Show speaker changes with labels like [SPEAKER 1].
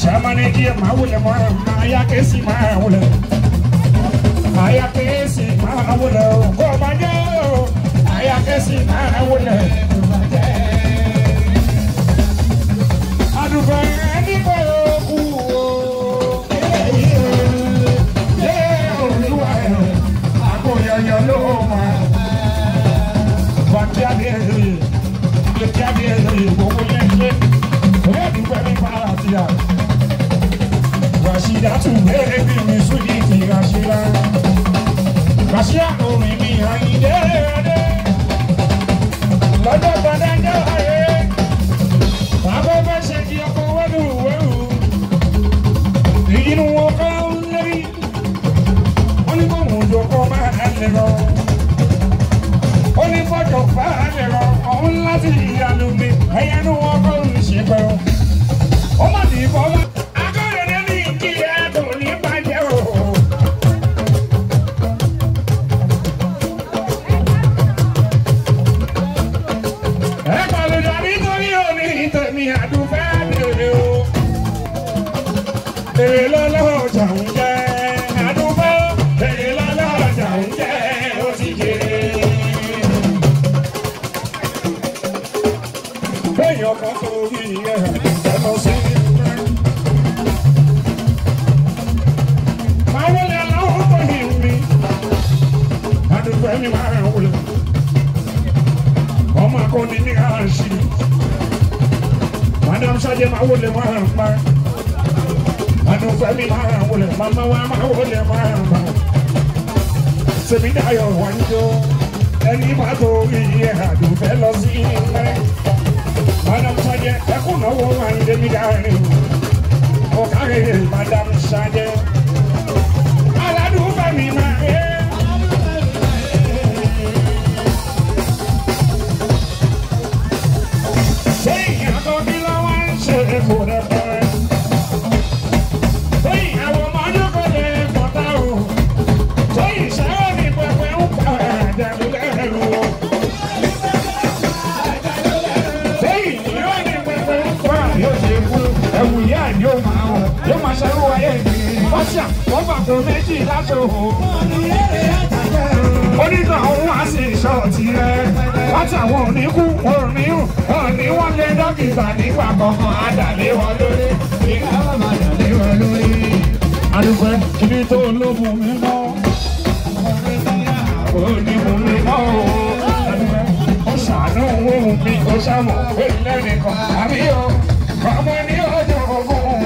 [SPEAKER 1] Shamaniki maule mara maya kesi maule Maya kesi maule Go majo Maya kesi maule Adubaya ìdátù bẹ́ẹ̀ bí mi sún ní ti Ràṣíà Ràṣíà orin mi Àyìndé adé lọ́jọ́ gbọ́dájọ́ ayé bàbá bá ṣe kí ọkọ wẹ́rù wẹ́rù ìyínú wọn kọ́ lẹ́rí ó ní kó mú jòkó máa lè lọ ó ní fọ́jọ́ fà á lè lọ ọ̀hún láti ìyàlú mi ẹ̀yẹnú wọn kọ́ ń ṣe pẹ́ ó má dì í bọ́ wá. àdúfẹ́ bèrè o èrè lọ́lọ́ ọjà ń jẹ́ àdúfẹ́ èrè lọ́lọ́ ọjà ń jẹ́ ó ti jèrè. Béèyàn kan torí ẹ̀ ẹ̀ lọ sí. Ọmọ akọni madam saje ma wole ma ma anu fami ma wole mama wa ma wole ma ma sebi da yo wanjo ẹni bá tó iye àdùfẹ́ lọ sí ilẹ̀ madam saje ẹkún náwó wa ń débi dáhìn ọ̀kàrẹ̀ madam saje. ṣà wọ́n pàkó méjì látòhò. onígbà òun á sì ṣọ́ọ̀tì rẹ̀ látàwọn oníkú òníhùn òní wọ́n lé dókítà nígbà kankan àdàlé wọn lórí ìgbà kìíní tó lóbùn mi mọ́ onígun mi mọ́ o. ó ṣàánú ohun mi ó ṣàmọ̀ pé lẹ́nìkan àbí o ọmọ ní ọjọ́ ogún.